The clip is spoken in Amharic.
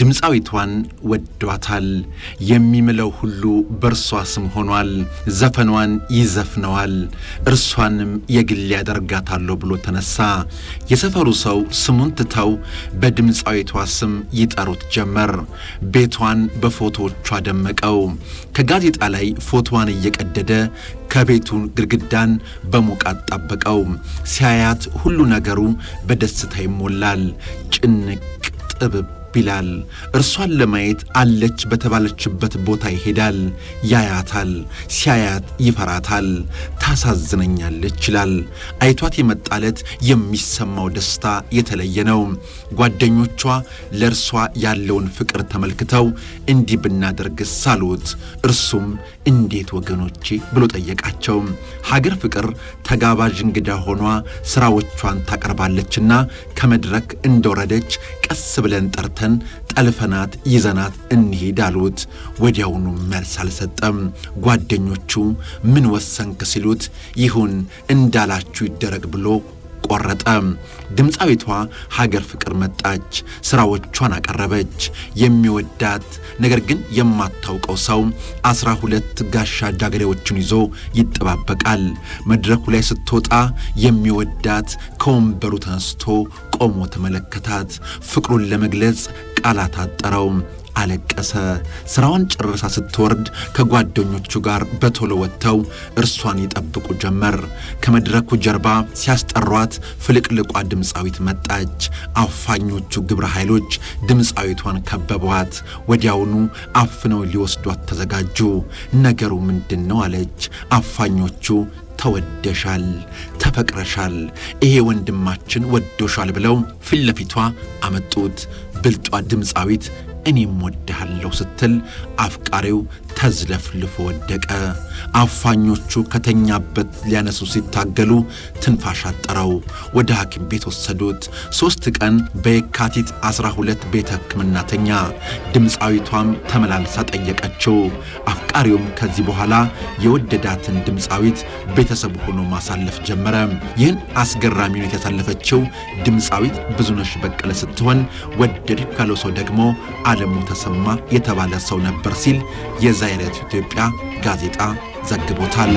ድምፃዊቷን ወዷታል። የሚምለው ሁሉ በእርሷ ስም ሆኗል። ዘፈኗን ይዘፍነዋል፣ እርሷንም የግል ያደርጋታለሁ ብሎ ተነሳ። የሰፈሩ ሰው ስሙን ትተው በድምፃዊቷ ስም ይጠሩት ጀመር። ቤቷን በፎቶዎቿ ደመቀው። ከጋዜጣ ላይ ፎቶዋን እየቀደደ ከቤቱ ግድግዳን በሙቃት ጣበቀው። ሲያያት ሁሉ ነገሩ በደስታ ይሞላል። ጭንቅ ጥብብ ይላል። እርሷን ለማየት አለች በተባለችበት ቦታ ይሄዳል። ያያታል። ሲያያት ይፈራታል። ታሳዝነኛለች ይላል። አይቷት የመጣለት የሚሰማው ደስታ የተለየ ነው። ጓደኞቿ ለእርሷ ያለውን ፍቅር ተመልክተው እንዲህ ብናደርግስ አሉት። እርሱም እንዴት ወገኖቼ ብሎ ጠየቃቸው። ሀገር ፍቅር ተጋባዥ እንግዳ ሆኗ ስራዎቿን ታቀርባለችና ከመድረክ እንደወረደች ቀስ ብለን ጠርተ ሰርተን ጠልፈናት ይዘናት እንሄድ አሉት። ወዲያውኑ መልስ አልሰጠም። ጓደኞቹ ምን ወሰንክ ሲሉት ይሁን እንዳላችሁ ይደረግ ብሎ ቆረጠ። ድምፃዊቷ ሀገር ፍቅር መጣች፣ ስራዎቿን አቀረበች። የሚወዳት ነገር ግን የማታውቀው ሰው አስራ ሁለት ጋሻ ጃግሬዎችን ይዞ ይጠባበቃል። መድረኩ ላይ ስትወጣ የሚወዳት ከወንበሩ ተነስቶ ቆሞ ተመለከታት። ፍቅሩን ለመግለጽ ቃላት አጠረው። አለቀሰ። ስራዋን ጨርሳ ስትወርድ ከጓደኞቹ ጋር በቶሎ ወጥተው እርሷን ይጠብቁ ጀመር። ከመድረኩ ጀርባ ሲያስጠሯት ፍልቅልቋ ድምፃዊት መጣች። አፋኞቹ ግብረ ኃይሎች ድምፃዊቷን ከበቧት። ወዲያውኑ አፍነው ሊወስዷት ተዘጋጁ። ነገሩ ምንድን ነው አለች። አፋኞቹ ተወደሻል፣ ተፈቅረሻል፣ ይሄ ወንድማችን ወዶሻል ብለው ፊት ለፊቷ አመጡት። ብልጧ ድምፃዊት እኔም ወድሃለሁ ስትል አፍቃሪው ተዝለፍልፎ ወደቀ። አፋኞቹ ከተኛበት ሊያነሱ ሲታገሉ ትንፋሽ አጠረው። ወደ ሐኪም ቤት ወሰዱት። ሦስት ቀን በየካቲት ሁለት ቤተ ሕክምና ተኛ። ድምፃዊቷም ተመላልሳ ጠየቀችው። አፍቃሪውም ከዚህ በኋላ የወደዳትን ድምፃዊት ቤተሰቡ ሆኖ ማሳለፍ ጀመረ። ይህን አስገራሚ ሁኔታ ያሳለፈችው ድምፃዊት ብዙነሽ በቀለ ስትሆን ወደድኩ ያለው ሰው ደግሞ አለሙ ተሰማ የተባለ ሰው ነበር ሲል የዛሬቱ ኢትዮጵያ ጋዜጣ ዘግቦታል።